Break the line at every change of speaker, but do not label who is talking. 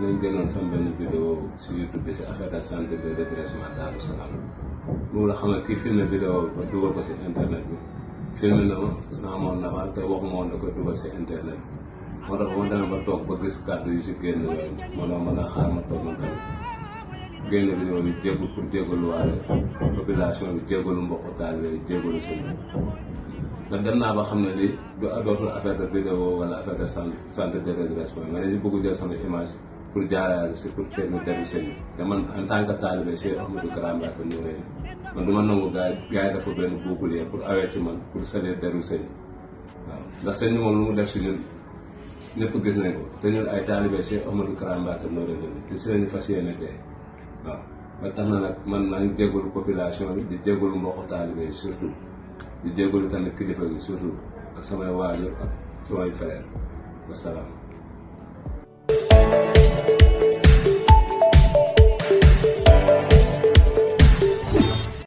nañ génnoon sama benn vidéo si YouTube bi si affaire de santé de redressement Daaru Salaam loolu la xam ne kii filmé vidéo bi ba dugal ko si internet bi filmé na ma sans mon aval waxuma woon da koy dugal si internet bi moo tax ma demee ba toog ba gis kàddu yu si génn yooyu ma ne ma ne xaar bi jégalu pour jégaluwaale population bi jégalu mbokku taal ndax dem naa ba xam ne lii du dootul affaire de vidéo wala affaire de centre centre de nga ne si bëgg jël sama image pour jaaraale si pour seen te man en tant que taalibe Cheikh Ahmadou Kara Mbacké ñu man du ma nangu gars yi gars yi gis nañ ko te ñun fas yéene dee waaw ba tax na nag man maa ngi jégalu population bi di jégalu mbokku taalibe yi surtout. di jégalu tamit kilifa gi surtout ak samay waajur ak samay frère wasalaam